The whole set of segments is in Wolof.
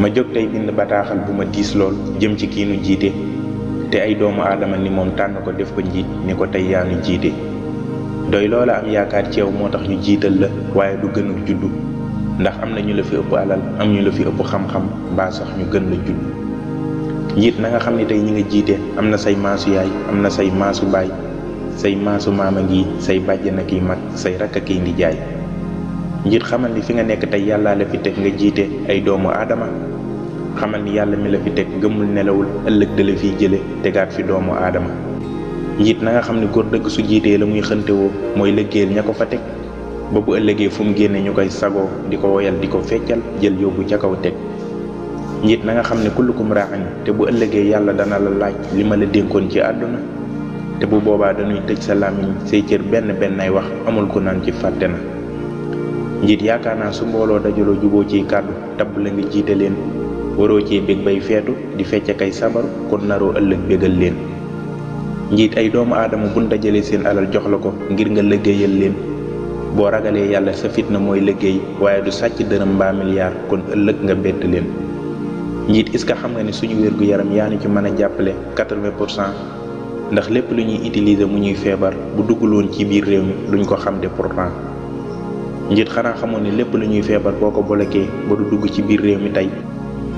ma jóg tey bind bataaxal bu ma diis lool jëm ci kiinu jiite te ay doomu aadama ni moom tànn ko def ko njiit ni ko tey yaa nu jiite doy loola am yaakaar ci moo tax ñu jiital la waaye du gënu juddu ndax am na ñu la fi ëpp alal am ñu la fi ëpp xam-xam mbaa ñu gën la judd njiit nanga xam ni tey ñi nga jiite am na say maasu yaay am na say maasu baay say maasu maama ngi say bàjj na kiy mag say rakk a kii kiy jaay ngir xamal ni fi nga nekk tey yàllaa la fi teg nga jiite ay doomu aadama xamal ni yàlla mi la fi teg gëmul nelawul ëllëg da la fiy jële tegaat fi doomu aadama njiit na xam ni góor dëgg su jiitee la muy xëntewoo mooy lëggéeyal ña ko fa teg ba bu ëllëgee fu mu génne ñu koy sagoo di ko woyal di ko feccal jël yóbbu ca kaw teg njiit nanga nga xam ne kullukum raaxañ te bu ëllëgee yàlla dana la laaj li ma la dénkoon ci àdduna te bu boobaa danuy tëj sa làmmiñ say benn benn ay wax amul ku naan ci fàtte njiit yaakaar naa su mbooloo dajaloo juboo ci kàddu tabb la nga jiite leen waroo cee bég bay feetu di fecc kay sabar kon naroo ëllëg bégal leen njiit ay doomu aadama buñ dajalee seen alal jox la ko ngir nga liggéeyal leen boo ragalee yàlla sa fitna mooy liggéey waaye du sàcc dërëm mbaa milliard kon ëllëg nga bett leen njiit est-ce xam nga ne suñu wér gu yaram yaa ni ci mën a jàppale 80 pour cent ndax lépp lu ñuy utiliser mu ñuy feebar bu dugg loon ci biir réew mi duñ ko xam de pourtant njiit xanaa xamoon ne lépp lu ñuy feebar boo ko bolokee ba du dugg ci biir réew mi tey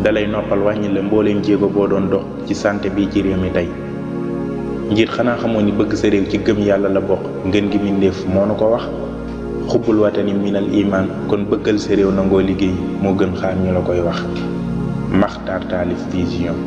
dalay noppal wàññi la mbooleem jéego boo doon dox ci sante bii ci réew mi tey njiit xanaa xamoon ni bëgg sa réew ci gëm yàlla la bokk ngeen gi mindéef moo nu ko wax xubbul watani minal imaan kon bëggal sa réew nangoo liggéey moo gën xaar ñu la koy wax Makhtar Talif Vision